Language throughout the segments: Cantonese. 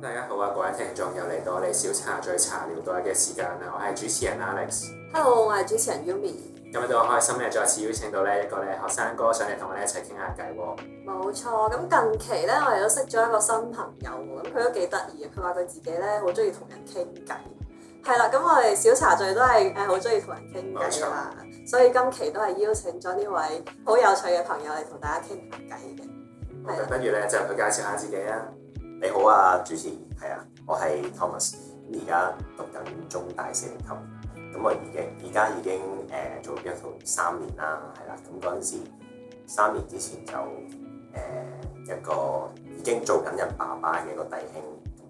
大家好啊！各位聽眾又嚟到我哋小茶聚茶聊度嘅時間啦！我係主持人 Alex，Hello，我係主持人 Yumi。今日都好開心嘅，再次邀請到呢一個咧學生哥，哥上嚟同我哋一齊傾下偈。冇錯，咁近期咧我哋都識咗一個新朋友，咁佢都幾得意嘅。佢話佢自己咧好中意同人傾偈。係啦，咁我哋小茶聚都係誒好中意同人傾偈啦，冇錯。所以今期都係邀請咗呢位好有趣嘅朋友嚟同大家傾下偈嘅。的的不如咧就去介紹下自己啦。你好啊，主持，係啊，我係 Thomas，咁而家讀緊中大四年級，咁我已經而家已經誒做 BTO 三年啦，係啦、啊，咁嗰陣時三年之前就誒、呃、一個已經做緊人爸爸嘅一個弟兄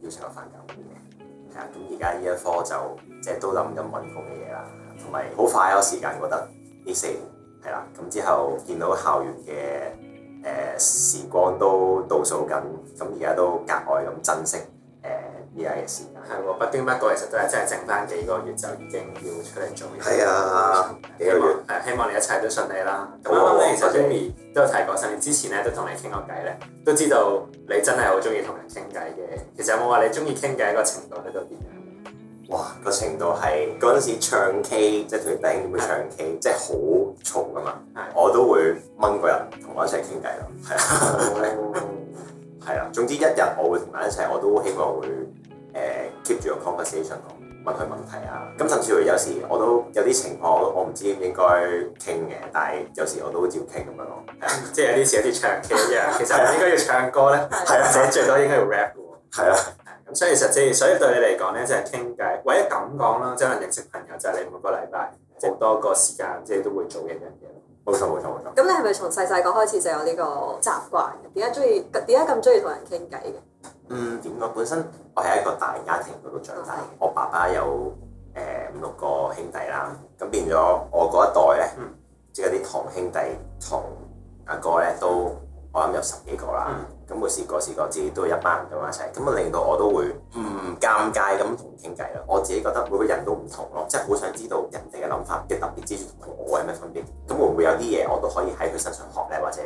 邀請我翻教會嘅，係啊，咁而家呢一科就即係都諗緊揾工嘅嘢啦，同埋好快咯，時間覺得呢四年係啦，咁、啊、之後見到校園嘅。誒時光都倒數緊，咁而家都格外咁珍惜誒而家嘅時間。係喎，不經不覺其實都係真係剩翻幾個月就已經要出嚟做嘢。係啊，幾個月係希，希望你一切都順利啦。啱啱咧，嗯、其實 Jimmy 都京有提過，甚至之前咧都同你傾過偈咧，都知道你真係好中意同人傾偈嘅。其實有冇話你中意傾偈嘅程度喺度變？哇個程度係嗰陣時唱 K，即係佢啲 b 唱 K，即係好嘈㗎嘛，的我都會掹個人同我一齊傾偈咯，係啊，係啦， 總之一日我會同埋一齊，我都希望會誒、呃、keep 住個 conversation，問佢問題啊。咁甚至乎有時我都有啲情況，我唔知應該傾嘅，但係有時我都照傾咁樣咯。即係 有啲似有啲唱 K 一樣，其實應該要唱歌咧，係啊 的，最多應該要 rap 嘅喎，係啊。所以實際，所以對你嚟講咧，就係傾偈。或者咁講啦，即係、嗯、認識朋友，就係你每個禮拜好多個時間，即係都會做一樣嘢。冇錯，冇錯，冇錯。咁你係咪從細細個開始就有呢個習慣？點解中意？點解咁中意同人傾偈嘅？嗯，點解本身我係一個大家庭度長大，的我爸爸有誒、呃、五六個兄弟啦，咁變咗我嗰一代咧，嗯、即係啲堂兄弟、堂阿哥咧，都我諗有十幾個啦。嗯咁個時個時個自己都有一班人咁一齊，咁啊令到我都會唔尷尬咁同傾偈啦。我自己覺得每個人都唔同咯，即係好想知道人哋嘅諗法嘅特別之處同我有咩分別。咁會唔會有啲嘢我都可以喺佢身上學呢？或者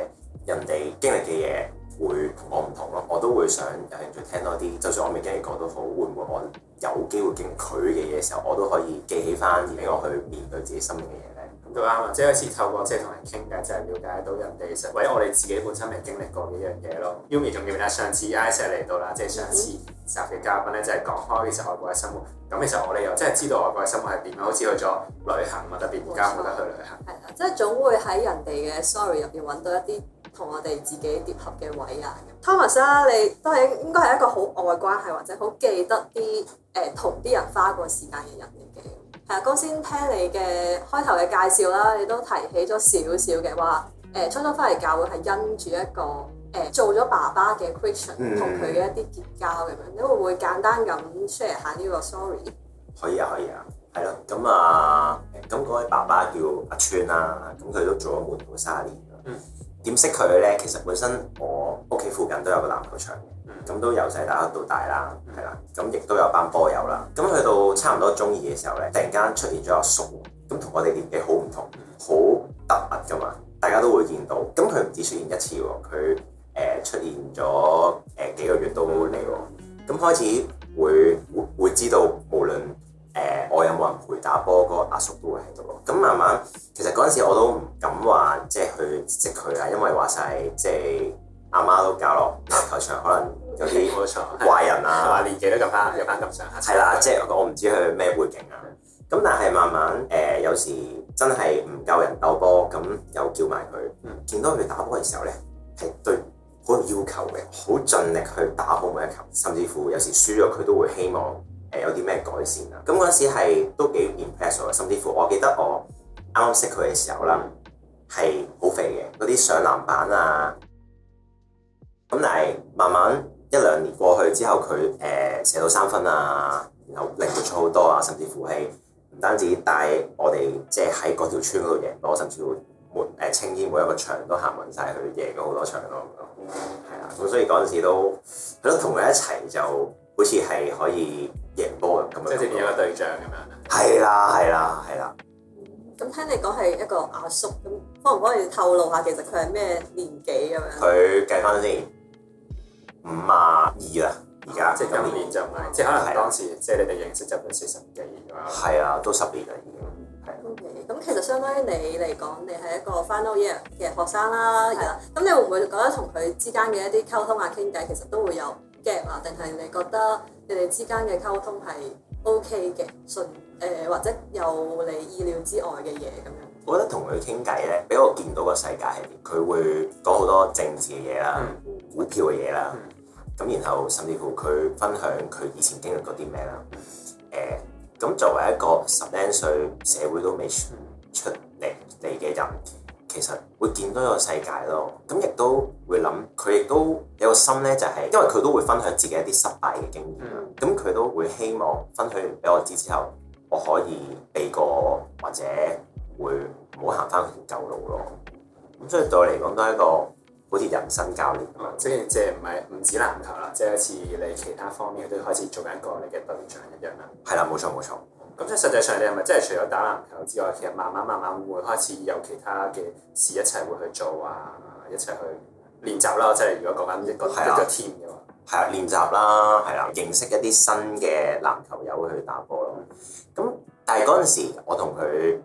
人哋經歷嘅嘢會同我唔同咯？我都會想有興趣聽多啲。就算我未經歷過都好，會唔會我有機會經歷佢嘅嘢時候，我都可以記起翻而俾我去面對自己生命嘅嘢。都啱啊！即係好似透過即係同人傾偈，就係、是、了解到人哋，或者我哋自己本身未經歷過呢一樣嘢咯。Yumi，仲記唔記得上次 Ice 嚟到啦，即係上次集嘅嘉賓咧，就係講開其實外國嘅生活。咁其實我哋又真係知道外國嘅生活係點樣，好似去咗旅行啊，特別而家冇得去旅行。係啦，即係總會喺人哋嘅 story 入邊揾到一啲同我哋自己疊合嘅位啊。Thomas 啦，你都係應該係一個好愛關係或者好記得啲誒同啲人花過時間嘅人嚟嘅。係啊，剛先聽你嘅開頭嘅介紹啦，你都提起咗少少嘅話，誒、呃、初初翻嚟教會係因住一個誒、呃、做咗爸爸嘅關係同佢嘅一啲結交咁樣，嗯、你會唔會簡單咁 share 下呢個 story？可以啊，可以啊，係咯，咁、嗯、啊，咁嗰位爸爸叫阿川啦，咁佢都做咗門徒卅年啦。點、嗯、識佢咧？其實本身我屋企附近都有個籃球場。咁、嗯、都由細打到大啦，係啦，咁亦都有班波友啦。咁去到差唔多中二嘅時候咧，突然間出現咗阿叔，咁同我哋年紀好唔同，好突兀㗎嘛。大家都會見到，咁佢唔止出現一次喎，佢誒出現咗誒幾個月都冇嚟喎。咁開始會會,會知道，無論誒我有冇人陪打波，個阿叔都會喺度咯。咁慢慢，其實嗰陣時我都唔敢話即係去識佢啊，因為話晒。即係。阿媽都教落籃球場，可能有啲壞人啊， 啊年紀都咁翻，又翻咁上。係啦，即係我唔知佢咩背景啊。咁、啊、 但係慢慢誒、呃，有時真係唔夠人鬥波，咁又叫埋佢。嗯、見到佢打波嘅時候咧，係對好有要求嘅，好盡力去打好每一球，甚至乎有時輸咗佢都會希望誒、呃、有啲咩改善啊。咁嗰陣時係都幾 impress 我，甚至乎我記得我啱啱識佢嘅時候啦，係好、嗯、肥嘅，嗰啲上籃板啊～咁但係，慢慢一兩年過去之後，佢誒、呃、射到三分啊，然後靈活咗好多啊，甚至乎係，唔單止帶我哋，即係喺嗰條村度贏波，甚至會每誒青衣每一個場都行匀晒，佢贏咗好多場咯，係、嗯、啊，咁、嗯、所以嗰陣時都係咯，同佢一齊就好似係可以贏波咁樣，即係變一個對象咁樣，係啦、係啦、係啦，咁、嗯、聽你講係一個阿叔咁。可唔可以透露下其實佢係咩年紀咁樣？佢計翻年，五啊二啦，而家即係今，今年就唔係，即係可能係對當時，即係你哋認識就係四十幾咁啊？係啊，都十年啦已經。係、嗯。O K. 咁其實相當於你嚟講，你係一個 final year 嘅學生啦。係啦、啊。咁你會唔會覺得同佢之間嘅一啲溝通啊、傾偈，其實都會有 gap 啊？定係你覺得你哋之間嘅溝通係 O K. 嘅、順誒、呃、或者有你意料之外嘅嘢咁樣。我覺得同佢傾偈咧，俾我見到個世界係點。佢會講好多政治嘅嘢啦，嗯、股票嘅嘢啦，咁、嗯、然後甚至乎佢分享佢以前經歷過啲咩啦。咁、嗯呃、作為一個十零歲社會都未出嚟嚟嘅人，嗯、其實會見到一個世界咯。咁亦都會諗，佢亦都有個心咧、就係，就係因為佢都會分享自己一啲失敗嘅經驗。咁佢、嗯、都會希望分享俾我知之後，我可以避過或者。會唔好行翻條舊路咯。咁所以對我嚟講都係一個好似人生教練咁啊，嗯、即係即係唔係唔止籃球啦，即係好似你其他方面都開始做緊一個你嘅對象一樣啦。係啦，冇錯冇錯。咁所以實際上你係咪即係除咗打籃球之外，其實慢慢慢慢會開始有其他嘅事一齊會去做啊，一齊去練習啦。即係如果講緊一個團隊嘅話，係啊，練習啦，係啊，認識一啲新嘅籃球友去打波咯。咁但係嗰陣時我同佢。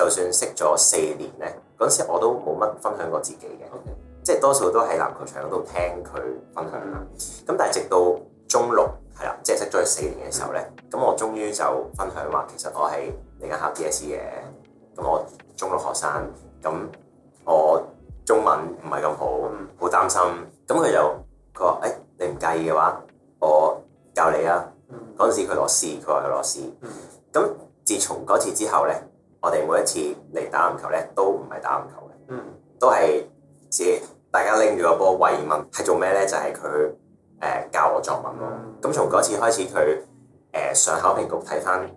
就算識咗四年咧，嗰時我都冇乜分享過自己嘅，Okay. 即係多數都喺籃球場嗰度聽佢分享啦。咁、mm hmm. 但係直到中六係啦，即係識咗佢四年嘅時候咧，咁、mm hmm. 我終於就分享話，其實我係嚟緊考 DSE 嘅，咁我中六學生，咁我中文唔係咁好，好擔心。咁佢就佢話：誒、哎，你唔介意嘅話，我教你啊。嗰陣、mm hmm. 時佢攞試，佢話佢攞試。咁、mm hmm. 自從嗰次之後咧。我哋每一次嚟打籃球咧，都唔係打籃球嘅，嗯、都係即大家拎住個波慰問，係做咩咧？就係佢誒教我作文咯。咁、嗯、從嗰次開始，佢誒、呃、上考評局睇翻而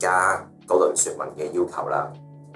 家嗰輪說文嘅要求啦，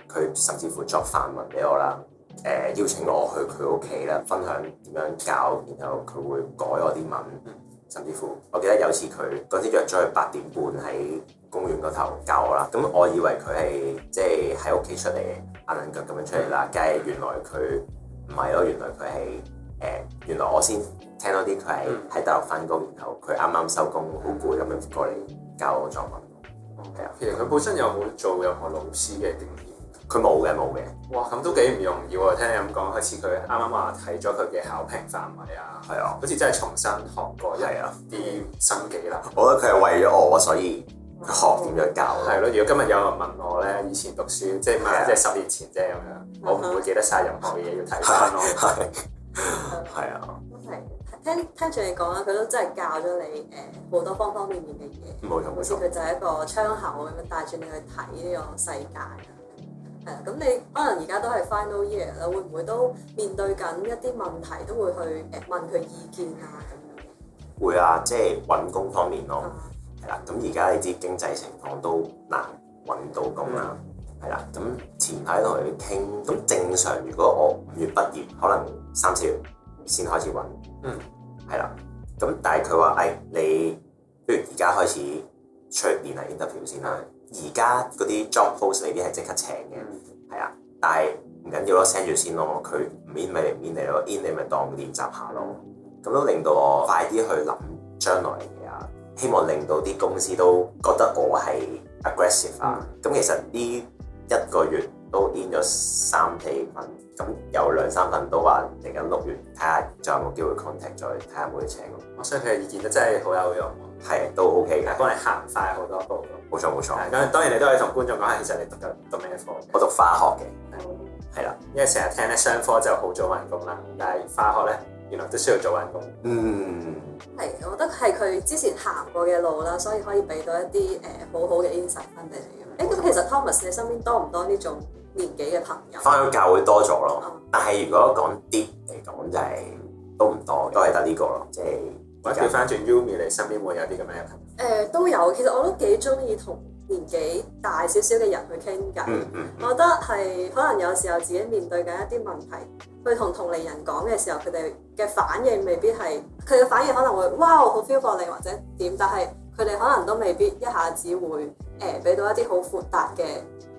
佢甚至乎作範文俾我啦，誒、呃、邀請我去佢屋企啦，分享點樣教，然後佢會改我啲文。甚至乎，我記得有次佢嗰陣約咗佢八點半喺公園嗰頭教我啦。咁我以為佢係即係喺屋企出嚟嘅硬硬腳咁樣出嚟啦，梗係原來佢唔係咯。原來佢係誒，原來我先聽到啲佢係喺大陸翻工，然後佢啱啱收工，好攰咁樣過嚟教我作文。係啊，其實佢本身有冇做任何老師嘅定義？佢冇嘅，冇嘅。哇，咁都幾唔容易喎！聽你咁講，好似佢啱啱話睇咗佢嘅考評範圍啊，係啊，好似真係重新學過一啊啲新技能啦。我覺得佢係為咗我，所以學點樣教。係咯，如果今日有人問我咧，以前讀書即係即係十年前啫咁樣，我唔會記得晒任何嘢要睇翻咯。係啊，都係。聽聽住你講啊，佢都真係教咗你誒好多方方面面嘅嘢，冇錯，好似佢就係一個窗口咁帶住你去睇呢個世界。係咁、啊、你可能而家都係 final year 啦，會唔會都面對緊一啲問題，都會去誒問佢意見啊咁樣？會啊，即係揾工方面咯、啊，係啦、啊。咁而家呢啲經濟情況都難揾到工啦、啊，係啦、嗯。咁前排同佢傾，咁正常如果我五月畢業，可能三四月先開始揾，嗯，係啦。咁但係佢話誒，你不如而家開始出面啊 interview 先啦。而家嗰啲 j o b p o s t 未必係即刻請嘅，係啊、嗯，但係唔緊要咯，send 住先咯，佢 in 咪嚟 in 嚟咯，in 你咪當練習下咯，咁都令到我快啲去諗將來嘅嘢啊，希望令到啲公司都覺得我係 aggressive 啊、嗯，咁其實呢一個月。都 in 咗三幾份，咁有兩三份都話嚟緊六月，睇下仲有冇機會 contact，再睇下有冇嘢請。我相信佢嘅意見都真係好有用。係，都 OK 嘅，但幫你行快好多步。冇錯冇錯。咁當然你都可以同觀眾講下，其實你讀緊咩科？我讀化學嘅，係啦的，因為成日聽咧商科就好早揾工啦，但係化學咧原來都需要做揾工。嗯，係，我覺得係佢之前行過嘅路啦，所以可以俾到一啲誒、呃、好好嘅 insight 翻俾你嘅。誒、欸，咁其實 Thomas 你身邊多唔多呢種？年紀嘅朋友，翻去教會多咗咯。嗯、但係如果講啲嚟講，嗯、就係都唔多，都係是在得呢個咯。即係或者 friend 圈 Umi，你身邊會有啲咁樣嘅朋友誒都有。其實我都幾中意同年紀大少少嘅人去傾偈。嗯嗯嗯、我覺得係可能有時候自己面對緊一啲問題，去同同齡人講嘅時候，佢哋嘅反應未必係佢嘅反應可能會哇好 feel 過你或者點，但係佢哋可能都未必一下子會誒俾、呃、到一啲好闊達嘅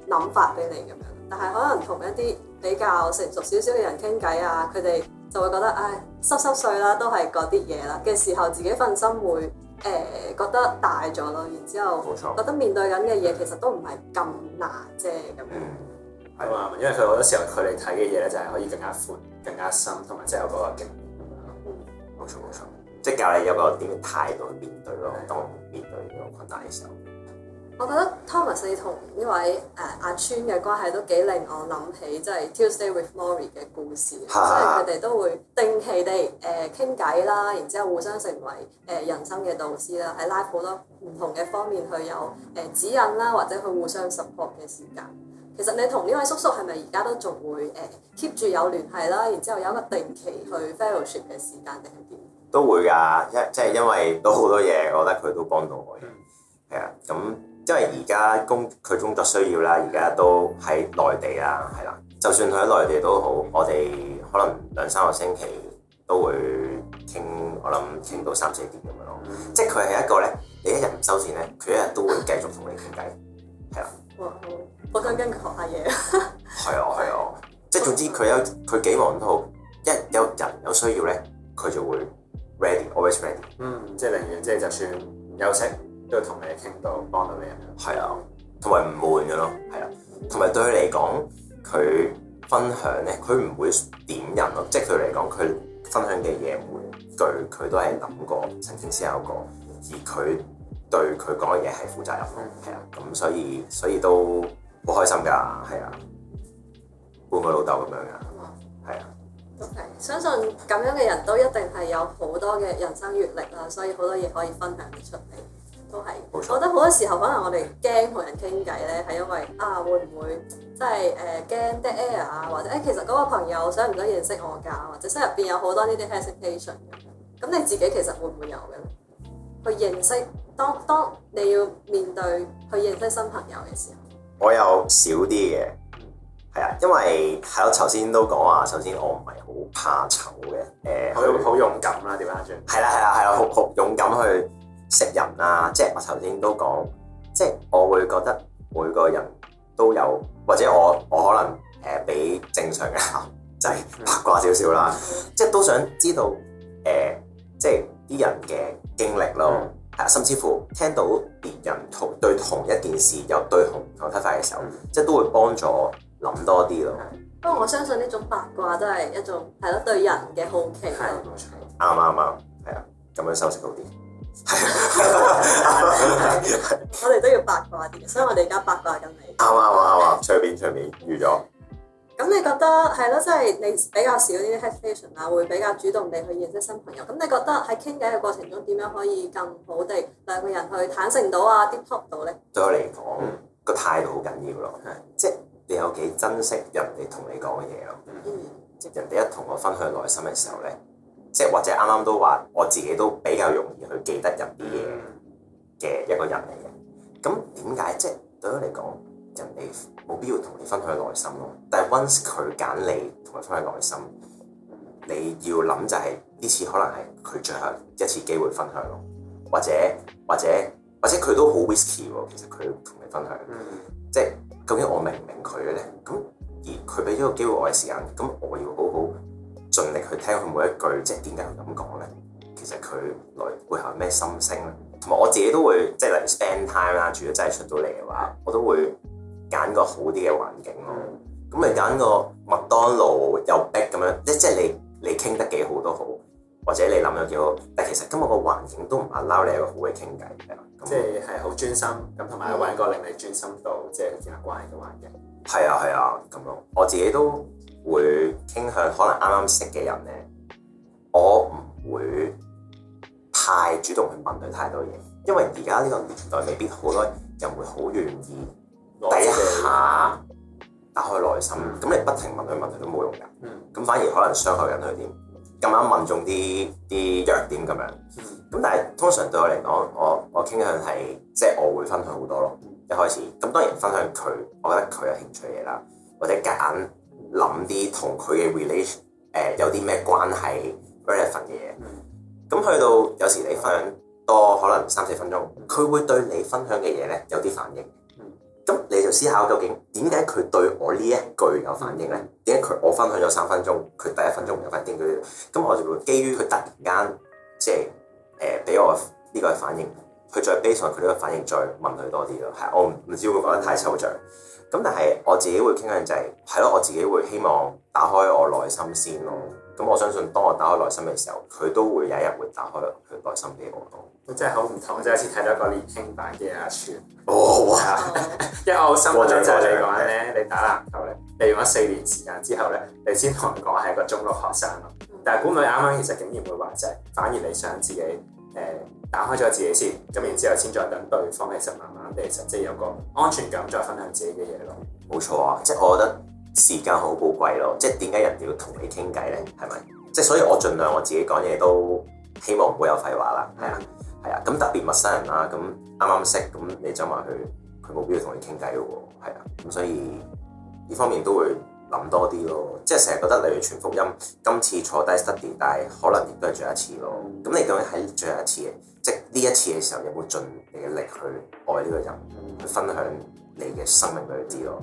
諗法俾你咁樣。嗯但係可能同一啲比較成熟少少嘅人傾偈啊，佢哋就會覺得唉濕濕碎啦，都係嗰啲嘢啦嘅時候，自己份心會誒、呃、覺得大咗咯，然之後覺得面對緊嘅嘢其實都唔係咁難啫咁樣。嗯，係啊，因為佢好多時候佢哋睇嘅嘢咧就係可以更加寬、更加深，同埋即係有、嗰個經驗。冇錯冇錯，即、嗯、係、嗯嗯嗯嗯、教你有、嗰個點嘅態度去面對咯，當面對呢個困難嘅時候。我覺得 Thomas 同呢位誒阿川嘅關係都幾令我諗起，即、就、係、是、Tuesday with Morrie 嘅故事，即係佢哋都會定期地誒傾偈啦，然之後互相成為誒、呃、人生嘅導師啦，喺拉好多唔同嘅方面去有誒、呃、指引啦，或者去互相 support 嘅時間。其實你同呢位叔叔係咪而家都仲會誒 keep 住有聯繫啦？然之後有一個定期去 fellowship 嘅時間定係點？哪哪都會㗎，即係因為都好多嘢，我覺得佢都幫到我嘅。啊， 咁、嗯。嗯嗯嗯嗯嗯嗯嗯因為而家工佢工作需要啦，而家都喺內地啦，係啦。就算佢喺內地都好，我哋可能兩三個星期都會傾，我諗傾到三四點咁樣咯。嗯、即係佢係一個咧，你一日唔收線咧，佢一日都會繼續同你傾偈，係啦。我想跟佢學下嘢。係 啊，係啊，即係總之佢有佢幾忙都好，一有人有需要咧，佢就會 ready，always ready。Ready. 嗯，即係寧願即係就算唔休息。都同你傾到，幫到你係啊，同埋唔悶嘅咯，係啊，同埋對佢嚟講，佢分享咧，佢唔會點人咯，即係佢嚟講，佢分享嘅嘢每句佢都係諗過、曾經思考過，而佢對佢講嘅嘢係負責任咯，係啊，咁所以所以都好開心㗎，係啊，半個老豆咁樣嘅，係啊，都係、okay. 相信咁樣嘅人都一定係有好多嘅人生閲歷啦，所以好多嘢可以分享出嚟。都係，我覺得好多時候可能我哋驚同人傾偈咧，係因為啊，會唔會即係誒 dead air 啊，或者誒、欸、其實嗰個朋友想唔想認識我㗎，或者心入邊有好多呢啲 hesitation。咁你自己其實會唔會有嘅？去認識當，當當你要面對去認識新朋友嘅時候，我有少啲嘅，係啊，因為係我頭先都講啊，首先我唔係好怕醜嘅，誒、嗯，好勇，好勇敢啦，點啊，俊？係啦，係啦，係我好勇敢去。食人啊，即係我頭先都講，即係我會覺得每個人都有，或者我我可能誒比正常人就係、是、八卦少少啦，即係都想知道誒、呃，即係啲人嘅經歷咯，啊、嗯，甚至乎聽到別人同對同一件事有對不同睇法嘅時候，嗯、即係都會幫助我諗多啲咯。不過我相信呢種八卦都係一種係咯，對人嘅好奇。係，啱啱啱，係啊，咁樣收息到啲。係，我哋都要八卦啲，所以我哋而家八卦緊你。啱啱啱啱，出面出面遇咗。咁你覺得係咯，即係你比較少呢啲 hesitation 啊，會比較主動地去認識新朋友。咁你覺得喺傾偈嘅過程中，點樣可以更好地兩個人去坦誠到啊，deep talk 到咧？對我嚟講，個態度好緊要咯，即係你有幾珍惜人哋同你講嘅嘢咯。即係人哋一同我分享內心嘅時候咧。即係或者啱啱都話，我自己都比較容易去記得人啲嘢嘅一個人嚟嘅。咁點解？即係對佢嚟講，人哋冇必要同你分享內心咯。但係 once 佢揀你同佢分享內心，你要諗就係、是、呢次可能係佢最後一次機會分享咯。或者或者或者佢都好 whisky 喎，其實佢同你分享，即係究竟我明唔明佢嘅咧？咁而佢俾咗個機會我嘅時間，咁。聽佢每一句，即係點解佢咁講咧？其實佢內背後係咩心聲咧？同埋我自己都會，即係例如 spend time 啦，如果真係出到嚟嘅話，我都會揀個好啲嘅環境咯。咁你揀個麥當勞又逼咁樣，即係即係你你傾得幾好都好，或者你諗咗幾好。但係其實今日個環境都唔係撈你一個好嘅傾偈。即係係好專心咁，同埋揾個令你專心到即係一啲關係嘅環境。係啊係啊，咁樣，我自己都會。可能啱啱識嘅人咧，我唔會太主動去問佢太多嘢，因為而家呢個年代未必好多人會好願意第一下打開內心，咁、嗯、你不停問佢問題都冇用㗎，咁、嗯、反而可能傷害緊佢啲，咁啱問中啲啲弱點咁樣。咁但係通常對我嚟講，我我傾向係即係我會分享好多咯，一開始咁當然分享佢，我覺得佢有興趣嘅嘢啦，或者揀。諗啲同佢嘅 relation，誒、呃、有啲咩關係 relevant 嘅嘢，咁去到有時你分享多可能三四分鐘，佢會對你分享嘅嘢咧有啲反應。咁你就思考究竟點解佢對我呢一句有反應咧？點解佢我分享咗三分鐘，佢第一分鐘唔有反應，佢咁我就會基於佢突然間即係誒俾我呢個反應，佢再 basic 佢呢個反應再問佢多啲咯。係我唔唔知會覺得太抽象。咁但係我自己會傾向就係係咯，我自己會希望打開我內心先咯。咁、嗯嗯、我相信當我打開內心嘅時候，佢都會有一日會打開佢內心俾我。咁真係好唔同，即係似睇到一個年輕版嘅阿川。哦，哇 因為我好深刻，即係你講咧，是你打籃球咧，你用咗四年時間之後咧，你先同人講係個中六學生咯。嗯嗯、但係估唔到你啱啱其實竟然會話就係，反而你想自己誒打開咗自己先，咁然之後先再等對方其實慢慢。其實即係有個安全感再分享自己嘅嘢咯，冇錯啊！即係我覺得時間好寶貴咯，即係點解人哋要同你傾偈咧？係咪？即係所以，我儘量我自己講嘢都希望唔會有廢話啦。係啊，係啊，咁特別陌生人啦、啊，咁啱啱識，咁你走埋去，佢冇必要同你傾偈咯。係啊，咁、啊、所以呢方面都會。諗多啲咯，即係成日覺得，例如傳福音，今次坐低 study，但係可能亦都係最後一次咯。咁你究竟喺最後一次，即呢一次嘅時候，有冇盡你嘅力去愛呢個人，嗯、去分享你嘅生命俾佢知咯？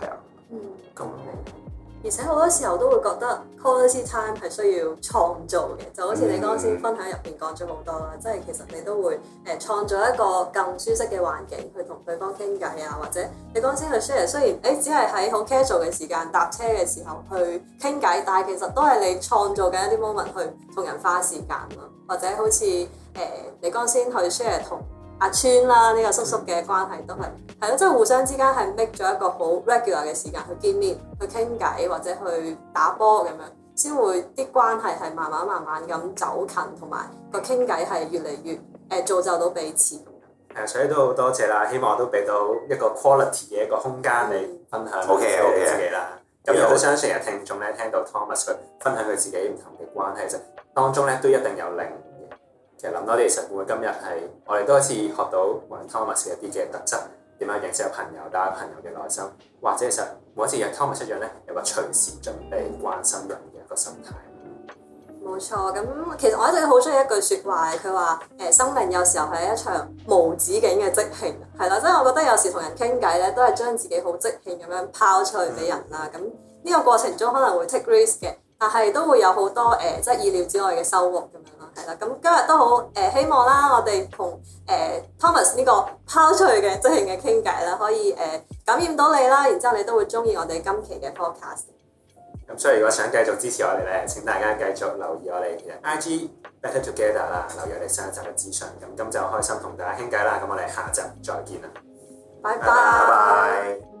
係啊，嗯，咁那，而且好多時候都會覺得。Positive time 係需要創造嘅，就好似你剛先分享入邊講咗好多啦，嗯、即係其實你都會誒、呃、創造一個更舒適嘅環境去同對方傾偈啊，或者你剛先去 share 雖然誒只係喺好 casual 嘅時間搭車嘅時候去傾偈，但係其實都係你創造緊一啲 moment 去同人花時間咯，或者好似誒、呃、你剛先去 share 同阿川啦呢、呢個叔叔嘅關係都係係咯，即係、就是、互相之間係 make 咗一個好 regular 嘅時間去見面、去傾偈或者去打波咁樣。先會啲關係係慢慢慢慢咁走近，同埋個傾偈係越嚟越誒、呃，造就到彼此誒。嗯、所以都好多謝啦！希望都俾到一個 quality 嘅一個空間，你分享 OK，自己啦。咁亦都相信成日聽眾咧聽到 Thomas 佢分享佢自己唔同嘅關係啫，實當中咧都一定有靈嘅、嗯。其實諗多啲，其實會今日係我哋都一次學到同 Thomas 一啲嘅特質點樣認識朋友，帶有朋友嘅內心，或者其實每一次有 Thomas 出場咧，有個隨時準備關心人。狀態，冇錯。咁其實我一直好中意一句說話，佢話：誒、呃，生命有時候係一場無止境嘅即興，係咯。即、就、係、是、我覺得有時同人傾偈咧，都係將自己好即興咁樣拋出去俾人啦。咁呢個過程中可能會 take risk 嘅，但係都會有好多誒、即、呃、係、就是、意料之外嘅收穫咁樣咯。係啦，咁、嗯、今日都好誒、呃，希望啦，我哋同誒 Thomas 呢個拋出去嘅即興嘅傾偈啦，可以誒、呃、感染到你啦。然之後你都會中意我哋今期嘅 Podcast。所以如果想繼續支持我哋咧，請大家繼續留意我哋嘅 I G Better Together 啦，留意我哋上一集嘅資訊。咁今集開心同大家傾偈啦。咁我哋下集再見啦！拜拜。